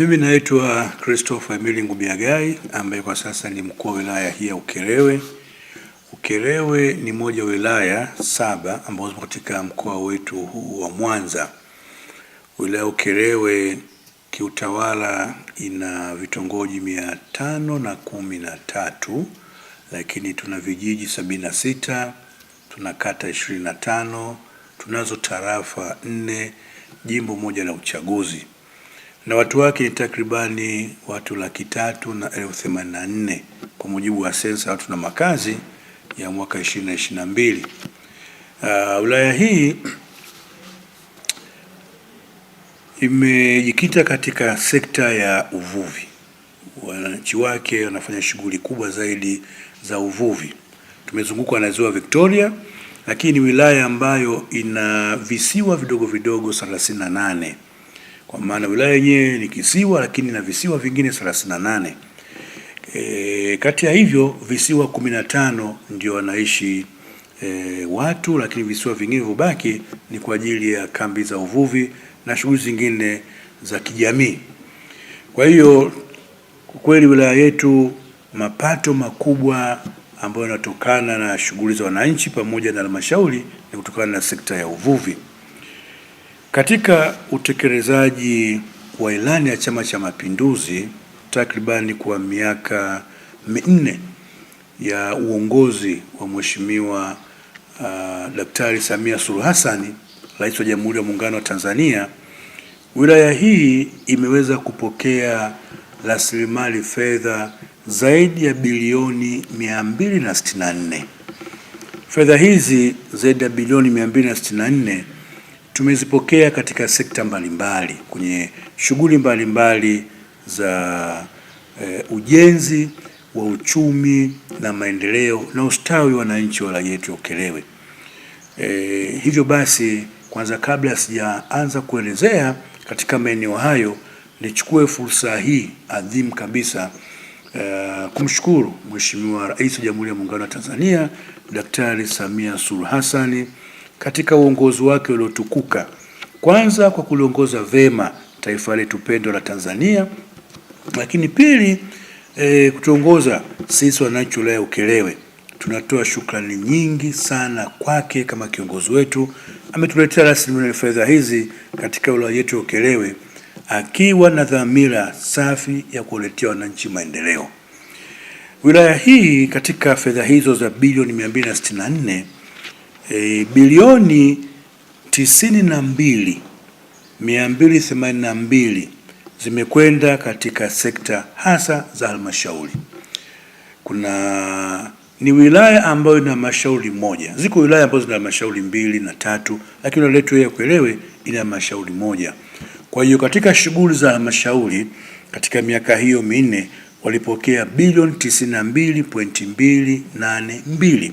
Mimi naitwa Christopher Emili Ngubiagai ambaye kwa sasa ni mkuu wa wilaya hii ya Ukerewe. Ukerewe ni moja wa wilaya saba ambazo katika mkoa wetu huu wa Mwanza. Wilaya Ukerewe kiutawala ina vitongoji mia tano na kumi na tatu lakini tuna vijiji sabini na sita tuna kata ishirini na tano tunazo tarafa nne, jimbo moja la uchaguzi na watu wake ni takribani watu laki tatu na elfu themanini na nne kwa mujibu wa sensa watu na makazi ya mwaka 2022. Uh, wilaya hii imejikita katika sekta ya uvuvi. Wananchi wake wanafanya shughuli kubwa zaidi za uvuvi. Tumezungukwa na ziwa Victoria, lakini ni wilaya ambayo ina visiwa vidogo vidogo nane kwa maana wilaya yenyewe ni kisiwa lakini na visiwa vingine 38. E, kati ya hivyo visiwa 15 ndio wanaishi e, watu lakini visiwa vingine vibaki ni kwa ajili ya kambi za uvuvi na shughuli zingine za kijamii. Kwa hiyo kweli wilaya yetu mapato makubwa ambayo yanatokana na shughuli za wananchi pamoja na halmashauri ni kutokana na sekta ya uvuvi. Katika utekelezaji wa ilani ya Chama cha Mapinduzi takribani kwa miaka minne ya uongozi wa Mheshimiwa uh, Daktari Samia Suluhu Hassan, Rais wa Jamhuri ya Muungano wa Tanzania, wilaya hii imeweza kupokea rasilimali fedha zaidi ya bilioni 264. Fedha hizi zaidi ya bilioni 264 tumezipokea katika sekta mbalimbali mbali, kwenye shughuli mbalimbali za e, ujenzi wa uchumi na maendeleo na ustawi wa wananchi wala yetu Ukerewe. E, hivyo basi kwanza kabla sijaanza kuelezea katika maeneo hayo nichukue fursa hii adhimu kabisa uh, kumshukuru Mheshimiwa Rais wa Jamhuri ya Muungano wa Tanzania Daktari Samia Suluhu Hassani katika uongozi wake uliotukuka, kwanza kwa kuliongoza vema taifa letu pendwa la Tanzania, lakini pili e, kutuongoza sisi wananchi wilaya Ukerewe. Tunatoa shukrani nyingi sana kwake kama kiongozi wetu, ametuletea rasilimali fedha hizi katika wilaya yetu ya Ukerewe akiwa na dhamira safi ya kuletea wananchi maendeleo wilaya hii. Katika fedha hizo za bilioni 264 e, bilioni tisini na mbili mia mbili themanini na mbili zimekwenda katika sekta hasa za halmashauri. Kuna ni wilaya ambayo ina halmashauri moja, ziko wilaya ambazo zina halmashauri mbili na tatu, lakini wilaya yetu ya ina halmashauri moja. Kwa hiyo katika shughuli za halmashauri katika miaka hiyo minne walipokea bilioni 92.282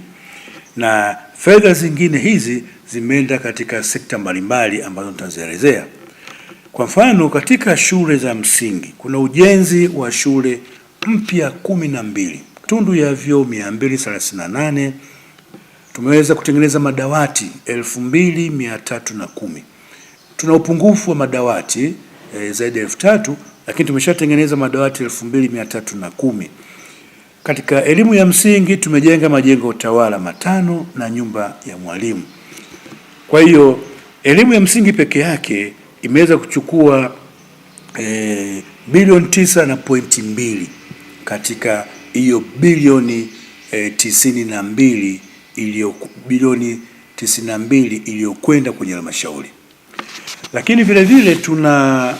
na fedha zingine hizi zimeenda katika sekta mbalimbali ambazo nitazielezea. Kwa mfano, katika shule za msingi kuna ujenzi wa shule mpya kumi na mbili, tundu ya vyoo nane tumeweza kutengeneza madawati kumi Tuna upungufu wa madawati e, zaidi ya elfu tatu lakini tumeshatengeneza madawati 2310. Katika elimu ya msingi tumejenga majengo utawala matano na nyumba ya mwalimu. Kwa hiyo elimu ya msingi peke yake imeweza kuchukua eh, bilioni tisa na pointi mbili katika hiyo bilioni e, tisini na mbili iliyo bilioni tisini na mbili iliyokwenda kwenye halmashauri. Lakini vile vile tuna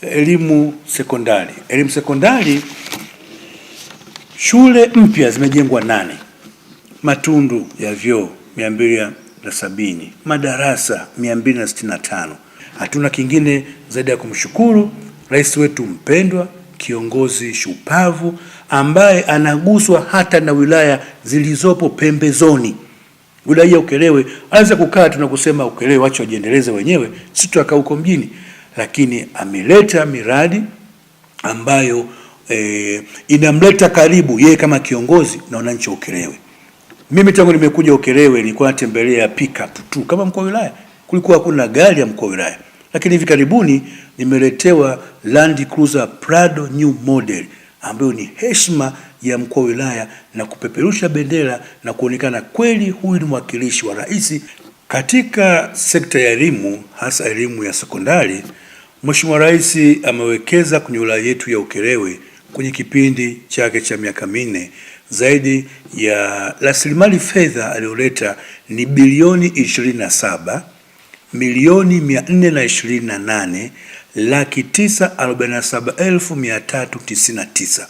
elimu sekondari. Elimu sekondari Shule mpya zimejengwa nane, matundu ya vyoo sabini, madarasa tano. Hatuna kingine zaidi ya kumshukuru rais wetu mpendwa, kiongozi shupavu ambaye anaguswa hata na wilaya zilizopo pembezoni. Wilaya ya Ukerewe anaweza kukaa na kusema Ukerewe wacha wajiendeleze wenyewe, sisi tutakaa huko mjini, lakini ameleta miradi ambayo eh, inamleta karibu yeye kama kiongozi na wananchi wa Ukerewe. Mimi tangu nimekuja Ukerewe nilikuwa natembelea pickup tu kama mkuu wa wilaya, kulikuwa hakuna gari ya mkuu wa wilaya, lakini hivi karibuni nimeletewa Land Cruiser Prado new model ambayo ni heshima ya mkuu wa wilaya na kupeperusha bendera na kuonekana kweli huyu ni mwakilishi wa rais katika sekta ya elimu, hasa elimu ya sekondari. Mheshimiwa Rais amewekeza kwenye wilaya yetu ya Ukerewe kwenye kipindi chake cha miaka minne zaidi ya rasilimali fedha aliyoleta ni bilioni ishirini na saba milioni mia nne na ishirini na nane laki 947,399.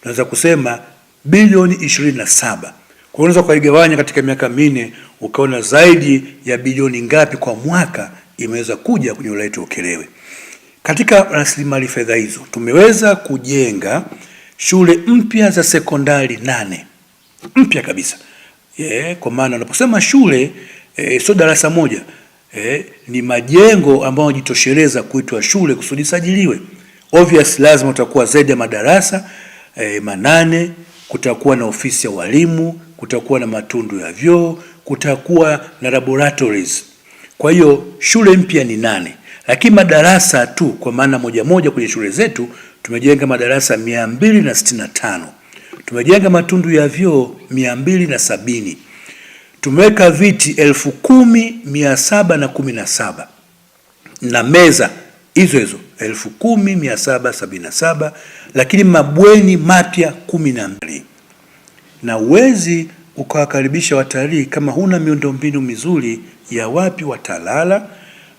Tunaweza kusema bilioni 27 saba kwa unaweza ukaigawanya katika miaka minne ukaona zaidi ya bilioni ngapi kwa mwaka imeweza kuja kwenye wilaya yetu Ukerewe. Katika uh, rasilimali fedha hizo tumeweza kujenga shule mpya za sekondari nane mpya kabisa Yeah, kwa maana unaposema shule eh, sio darasa moja eh, ni majengo ambayo yanajitosheleza kuitwa shule kusudi sajiliwe. Obvious, lazima utakuwa zaidi ya madarasa eh, manane. Kutakuwa na ofisi ya walimu, kutakuwa na matundu ya vyoo, kutakuwa na laboratories. Kwa hiyo shule mpya ni nane. Lakini madarasa tu kwa maana moja moja kwenye shule zetu tumejenga madarasa mia mbili na sitini na tano tumejenga matundu ya vyoo mia mbili na sabini tumeweka viti elfu kumi mia saba na kumi na saba na meza hizo hizo elfu kumi mia saba sabini na saba lakini mabweni mapya kumi na mbili na uwezi ukawakaribisha watalii kama huna miundombinu mizuri ya wapi watalala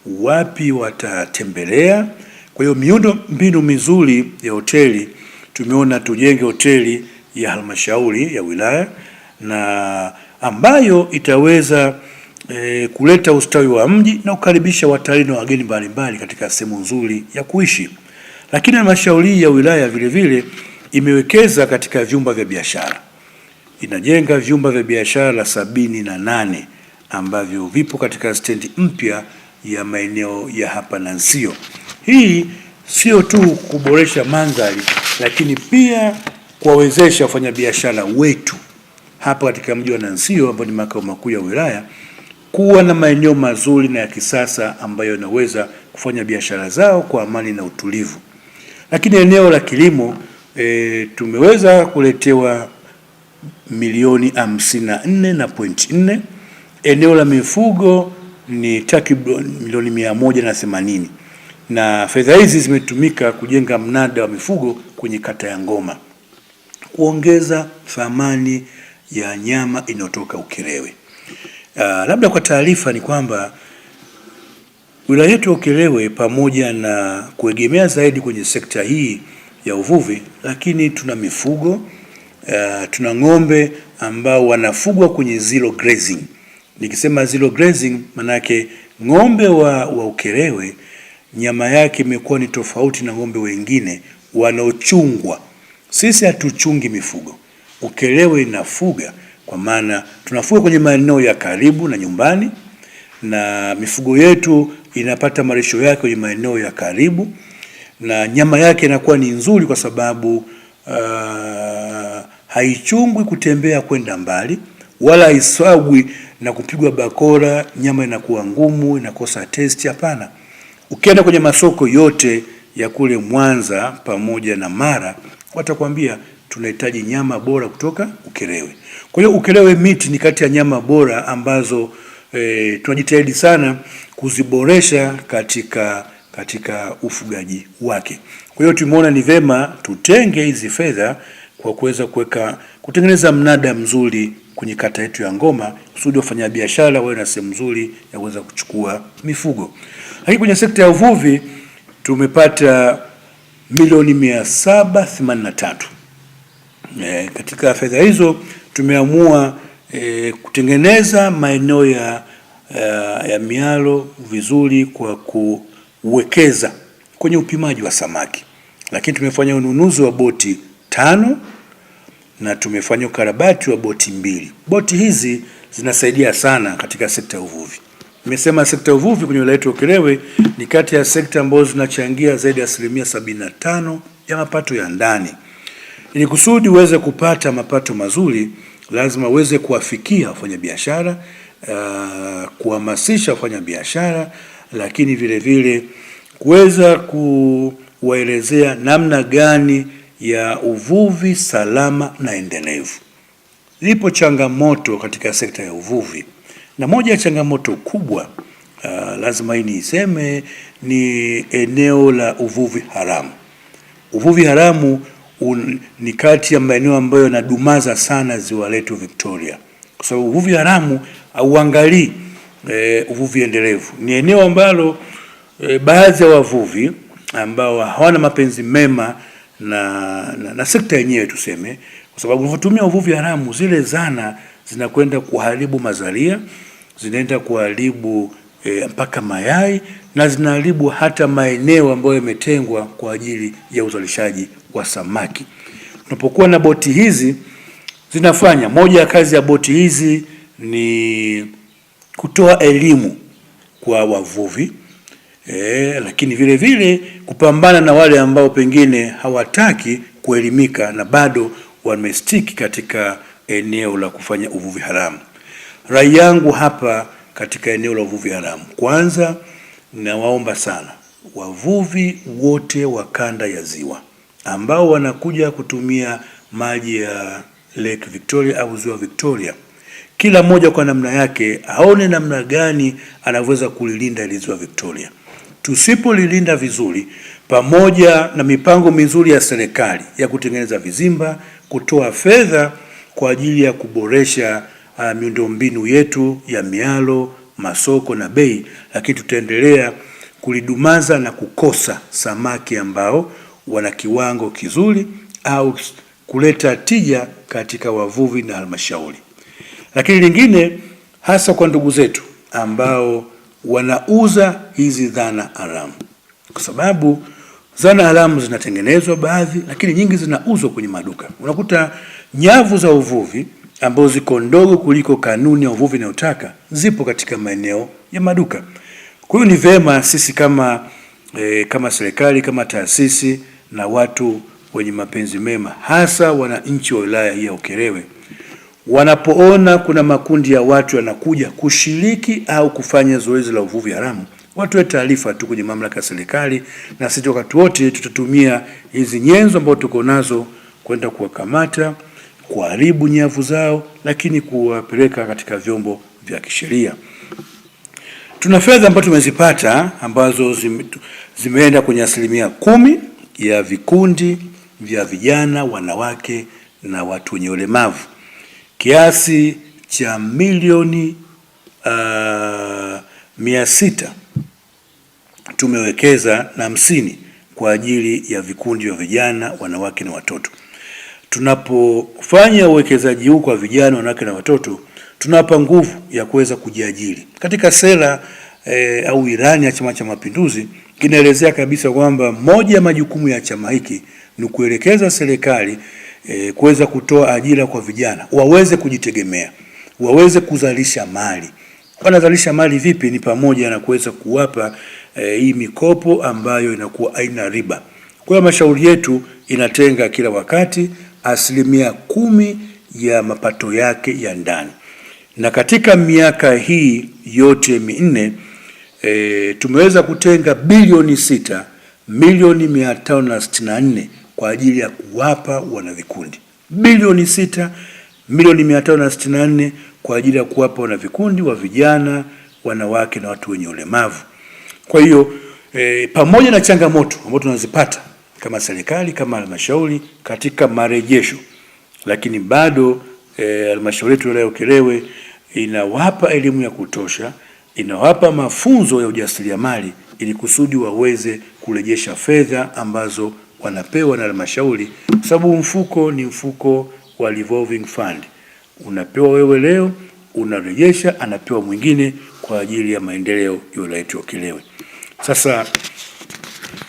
wapi watatembelea. Kwa hiyo miundo mbinu mizuri ya hoteli tumeona tujenge hoteli ya halmashauri ya wilaya na ambayo itaweza e, kuleta ustawi wa mji na kukaribisha watalii na wageni mbalimbali katika sehemu nzuri ya kuishi. Lakini halmashauri ya wilaya vile vile imewekeza katika vyumba vya biashara, inajenga vyumba vya biashara sabini na nane ambavyo vipo katika stendi mpya ya maeneo ya hapa na Nsio. Hii sio tu kuboresha mandhari, lakini pia kuwawezesha wafanyabiashara wetu hapa katika mji wa Nansio ambao ni makao makuu ya wilaya kuwa na maeneo mazuri na ya kisasa ambayo yanaweza kufanya biashara zao kwa amani na utulivu. Lakini eneo la kilimo e, tumeweza kuletewa milioni hamsini na nne na pointi nne. Eneo la mifugo ni takriban milioni mia moja na themanini na fedha hizi zimetumika kujenga mnada wa mifugo kwenye kata ya Ngoma, kuongeza thamani ya nyama inayotoka Ukerewe. Uh, labda kwa taarifa ni kwamba wilaya yetu ya Ukerewe pamoja na kuegemea zaidi kwenye sekta hii ya uvuvi, lakini tuna mifugo uh, tuna ng'ombe ambao wanafugwa kwenye zero grazing Nikisema zero grazing, manake ng'ombe wa, wa Ukerewe nyama yake imekuwa ni tofauti na ng'ombe wengine wanaochungwa. Sisi hatuchungi mifugo, Ukerewe inafuga, kwa maana tunafuga kwenye maeneo ya karibu na nyumbani, na mifugo yetu inapata marisho yake kwenye maeneo ya karibu, na nyama yake inakuwa ni nzuri kwa sababu uh, haichungwi kutembea kwenda mbali, wala haiswagwi na kupigwa bakora, nyama inakuwa ngumu, inakosa testi. Hapana, ukienda kwenye masoko yote ya kule Mwanza pamoja na Mara watakwambia tunahitaji nyama bora kutoka Ukerewe. Kwa hiyo Ukerewe meat ni kati ya nyama bora ambazo e, tunajitahidi sana kuziboresha katika katika ufugaji wake. Kwa hiyo tumeona ni vema tutenge hizi fedha kwa kuweza kuweka kutengeneza mnada mzuri kwenye kata yetu ya Ngoma kusudi wafanyabiashara wawe na sehemu nzuri ya kuweza kuchukua mifugo. Lakini kwenye sekta ya uvuvi tumepata milioni mia saba themanini na tatu. E, katika fedha hizo tumeamua e, kutengeneza maeneo ya, ya, e, ya mialo vizuri kwa kuwekeza kwenye upimaji wa samaki, lakini tumefanya ununuzi wa boti tano na tumefanya ukarabati wa boti mbili. Boti hizi zinasaidia sana katika sekta ya uvuvi. Nimesema sekta ya uvuvi kwenye wilaya yetu ya Ukerewe ni kati ya sekta ambazo zinachangia zaidi ya asilimia sabini na tano ya mapato ya ndani. Ili kusudi uweze kupata mapato mazuri, lazima uweze kuwafikia wafanyabiashara, uh, kuhamasisha wafanyabiashara, lakini vile vile kuweza kuwaelezea namna gani ya uvuvi salama na endelevu. Zipo changamoto katika sekta ya uvuvi, na moja ya changamoto kubwa uh, lazima hii niiseme, ni eneo la uvuvi haramu. Uvuvi haramu un, ni kati ya maeneo ambayo yanadumaza sana ziwa letu Victoria, kwa sababu uvuvi haramu hauangalii uh, uvuvi endelevu. Ni eneo ambalo uh, baadhi ya wavuvi ambao hawana mapenzi mema na, na, na sekta yenyewe tuseme, kwa sababu unavyotumia uvuvi haramu, zile zana zinakwenda kuharibu mazalia, zinaenda kuharibu e, mpaka mayai na zinaharibu hata maeneo ambayo yametengwa kwa ajili ya uzalishaji wa samaki. Tunapokuwa na boti hizi zinafanya moja ya kazi ya boti hizi ni kutoa elimu kwa wavuvi E, lakini vile vile kupambana na wale ambao pengine hawataki kuelimika na bado wamestiki katika eneo la kufanya uvuvi haramu. Rai yangu hapa katika eneo la uvuvi haramu, kwanza nawaomba sana wavuvi wote wa kanda ya Ziwa ambao wanakuja kutumia maji ya Lake Victoria au Ziwa Victoria, kila mmoja kwa namna yake aone namna gani anavyoweza kulilinda ile Ziwa Victoria. Tusipolilinda vizuri, pamoja na mipango mizuri ya serikali ya kutengeneza vizimba, kutoa fedha kwa ajili ya kuboresha uh, miundombinu yetu ya mialo, masoko na bei, lakini tutaendelea kulidumaza na kukosa samaki ambao wana kiwango kizuri au kuleta tija katika wavuvi na halmashauri. Lakini lingine hasa kwa ndugu zetu ambao wanauza hizi dhana haramu, kwa sababu dhana haramu zinatengenezwa baadhi, lakini nyingi zinauzwa kwenye maduka. Unakuta nyavu za uvuvi ambazo ziko ndogo kuliko kanuni ya uvuvi inayotaka zipo katika maeneo ya maduka. Kwa hiyo ni vema sisi kama e, kama serikali kama taasisi na watu wenye mapenzi mema, hasa wananchi wa wilaya hii ya Ukerewe wanapoona kuna makundi ya watu yanakuja kushiriki au kufanya zoezi la uvuvi haramu, watoe taarifa tu kwenye mamlaka ya serikali, na sisi wakati wote tutatumia hizi nyenzo ambazo tuko nazo kwenda kuwakamata, kuharibu nyavu zao, lakini kuwapeleka katika vyombo vya kisheria. Tuna fedha ambazo tumezipata ambazo zimeenda kwenye asilimia kumi ya vikundi vya vijana, wanawake na watu wenye ulemavu kiasi cha milioni uh, mia sita tumewekeza na hamsini kwa ajili ya vikundi vya vijana, wanawake na watoto. Tunapofanya uwekezaji huu kwa vijana, wanawake na watoto, tunawapa nguvu ya kuweza kujiajiri. Katika sera E, au irani ya Chama cha Mapinduzi kinaelezea kabisa kwamba moja ya majukumu ya chama hiki ni kuelekeza serikali e, kuweza kutoa ajira kwa vijana waweze kujitegemea, waweze kuzalisha mali. Wanazalisha mali vipi? Ni pamoja na kuweza kuwapa e, hii mikopo ambayo inakuwa haina riba. Kwa mashauri halmashauri yetu inatenga kila wakati asilimia kumi ya mapato yake ya ndani, na katika miaka hii yote minne e, tumeweza kutenga bilioni sita milioni mia tano na sitini na nne kwa ajili ya kuwapa wanavikundi, bilioni sita milioni mia tano na sitini na nne kwa ajili ya kuwapa wanavikundi wa vijana, wanawake na watu wenye ulemavu. Kwa hiyo e, pamoja na changamoto ambazo tunazipata kama serikali kama halmashauri katika marejesho, lakini bado eh, halmashauri yetu ya Ukerewe inawapa elimu ya kutosha, inawapa mafunzo ya ujasiriamali ili kusudi waweze kurejesha fedha ambazo wanapewa na halmashauri, kwa sababu mfuko ni mfuko wa revolving fund. Unapewa wewe leo, unarejesha, anapewa mwingine kwa ajili ya maendeleo ya wilaya yetu ya Ukerewe. Sasa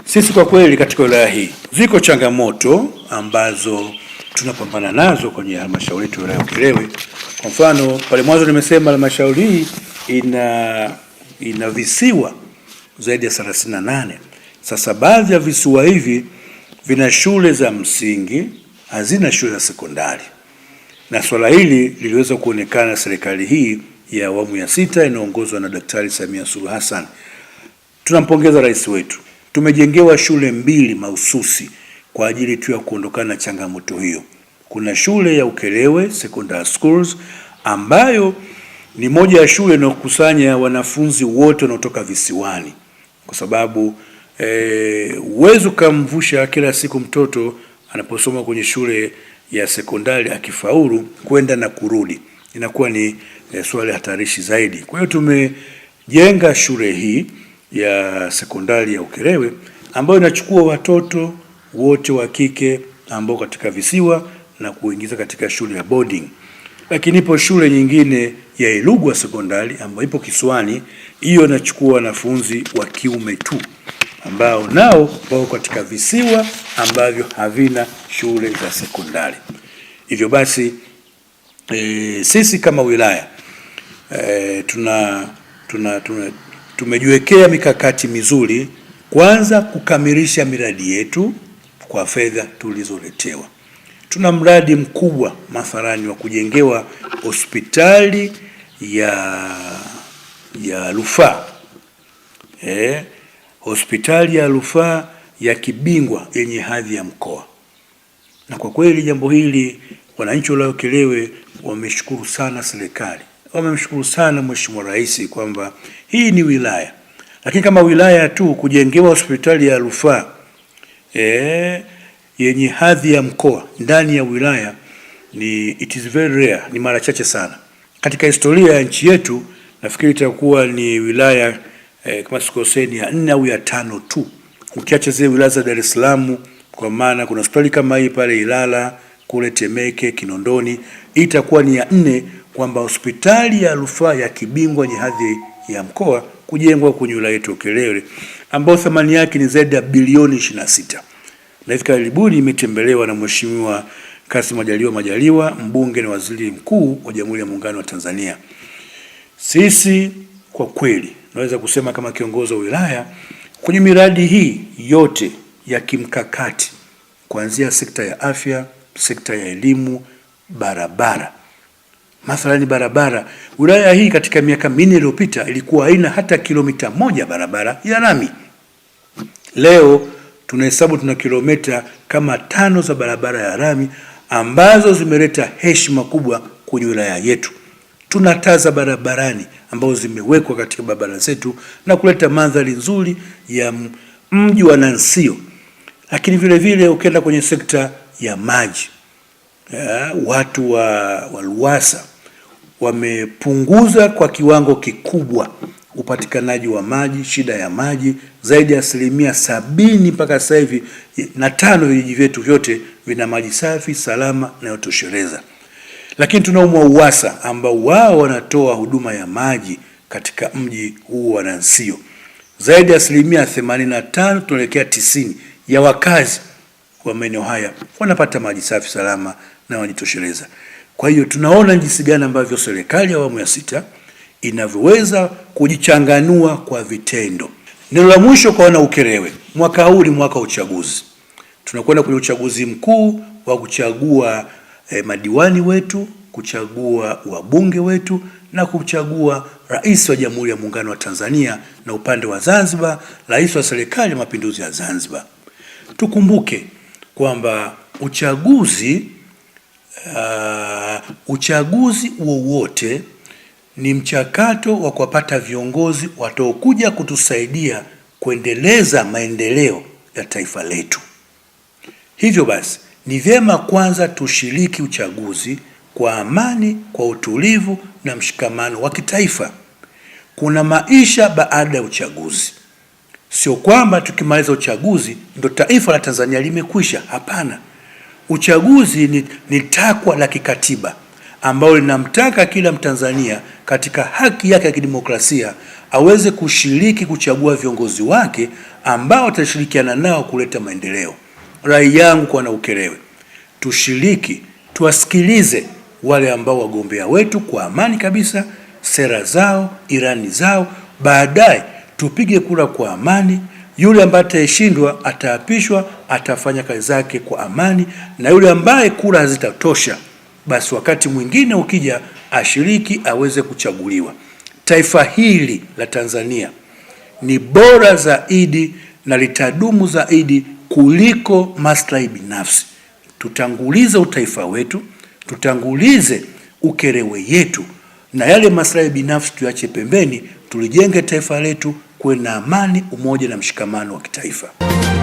sisi kwa kweli katika wilaya hii ziko changamoto ambazo tunapambana nazo kwenye halmashauri yetu ya Ukerewe. Kwa mfano, pale mwanzo nimesema halmashauri hii ina ina visiwa zaidi ya 38. Sasa baadhi ya visiwa hivi vina shule za msingi, hazina shule za sekondari, na swala hili liliweza kuonekana serikali hii ya awamu ya sita inaongozwa na Daktari Samia Suluhu Hassan. Tunampongeza rais wetu, tumejengewa shule mbili mahususi kwa ajili tu ya kuondokana na changamoto hiyo. Kuna shule ya Ukelewe Secondary Schools ambayo ni moja ya shule inayokusanya wanafunzi wote wanaotoka visiwani kwa sababu E, huwezi e, ukamvusha kila siku mtoto anaposoma kwenye shule ya sekondari akifaulu kwenda na kurudi, inakuwa ni e, swali hatarishi zaidi. Kwa hiyo tumejenga shule hii ya sekondari ya Ukerewe ambayo inachukua watoto wote wa kike ambao katika visiwa na kuingiza katika shule ya boarding, lakini ipo shule nyingine ya Ilugwa sekondari ambayo ipo Kiswani hiyo inachukua wanafunzi wa kiume tu ambao nao wako katika visiwa ambavyo havina shule za sekondari. Hivyo basi e, sisi kama wilaya e, tuna, tuna, tuna tumejiwekea mikakati mizuri, kwanza kukamilisha miradi yetu kwa fedha tulizoletewa. Tuna mradi mkubwa mathalani wa kujengewa hospitali ya ya rufaa eh, hospitali ya rufaa ya kibingwa yenye hadhi ya mkoa. Na kwa kweli jambo hili wananchi Uliokelewe wameshukuru sana serikali, wamemshukuru sana Mheshimiwa Rais kwamba hii ni wilaya, lakini kama wilaya tu kujengewa hospitali ya rufaa eh, yenye hadhi ya mkoa ndani ya wilaya ni it is very rare, ni mara chache sana katika historia ya nchi yetu nafikiri itakuwa ni wilaya eh, kama sikoseni ya nne au ya tano tu, ukiacha zile wilaya za Dar es Salaam, kwa maana kuna hospitali kama hii pale Ilala kule Temeke, Kinondoni. Hii itakuwa ni ya nne kwamba hospitali ya rufaa ya kibingwa ni hadhi ya mkoa kujengwa kwenye wilaya yetu Ukerewe, ambayo thamani yake ni zaidi ya bilioni 26 na hivi karibuni imetembelewa na Mheshimiwa Kassim Majaliwa Majaliwa, mbunge na waziri mkuu wa Jamhuri ya Muungano wa Tanzania. Sisi kwa kweli naweza kusema kama kiongozi wa wilaya kwenye miradi hii yote ya kimkakati kuanzia sekta ya afya, sekta ya elimu, barabara. Mathalani barabara, wilaya hii katika miaka minne iliyopita ilikuwa haina hata kilomita moja barabara ya lami. Leo tunahesabu tuna kilomita kama tano za barabara ya lami ambazo zimeleta heshima kubwa kwenye wilaya yetu. Tuna taa za barabarani ambazo zimewekwa katika barabara zetu na kuleta mandhari nzuri ya mji wa Nansio, lakini vile vile ukienda kwenye sekta ya maji ya, eh, watu wa, wa Luwasa wamepunguza kwa kiwango kikubwa upatikanaji wa maji, shida ya maji zaidi ya asilimia sabini mpaka sasa hivi, na tano vijiji vyetu vyote vina maji safi salama na yotosheleza. Lakini tunaumwa uwasa ambao wao wanatoa huduma ya maji katika mji huu wa Nansio. Zaidi ya asilimia 85 tunaelekea tisini ya wakazi wa maeneo haya wanapata maji safi salama na wanajitosheleza. Kwa hiyo tunaona jinsi gani ambavyo serikali ya awamu ya sita inavyoweza kujichanganua kwa vitendo. Neno la mwisho kwa wana Ukerewe, mwaka huu ni mwaka wa uchaguzi. Tunakwenda kwenye uchaguzi mkuu wa kuchagua eh, madiwani wetu, kuchagua wabunge wetu na kuchagua rais wa Jamhuri ya Muungano wa Tanzania, na upande wa Zanzibar, rais wa Serikali ya Mapinduzi ya Zanzibar. Tukumbuke kwamba uchaguzi uh, uchaguzi wowote ni mchakato wa kuwapata viongozi wataokuja kutusaidia kuendeleza maendeleo ya taifa letu. Hivyo basi ni vyema kwanza tushiriki uchaguzi kwa amani, kwa utulivu na mshikamano wa kitaifa. Kuna maisha baada ya uchaguzi. Sio kwamba tukimaliza uchaguzi ndo taifa la Tanzania limekwisha. Hapana, uchaguzi ni, ni takwa la kikatiba ambalo linamtaka kila Mtanzania katika haki yake ya kidemokrasia aweze kushiriki kuchagua viongozi wake ambao atashirikiana nao kuleta maendeleo rai yangu kwa Wanaukerewe, tushiriki, tuwasikilize wale ambao wagombea wetu kwa amani kabisa, sera zao, irani zao, baadaye tupige kura kwa amani. Yule ambaye atashindwa ataapishwa, atafanya kazi zake kwa amani, na yule ambaye kura hazitatosha basi wakati mwingine ukija ashiriki aweze kuchaguliwa. Taifa hili la Tanzania ni bora zaidi na litadumu zaidi kuliko maslahi binafsi. Tutangulize utaifa wetu, tutangulize ukerewe yetu, na yale maslahi binafsi tuache pembeni, tulijenge taifa letu kuwe na amani, umoja na mshikamano wa kitaifa.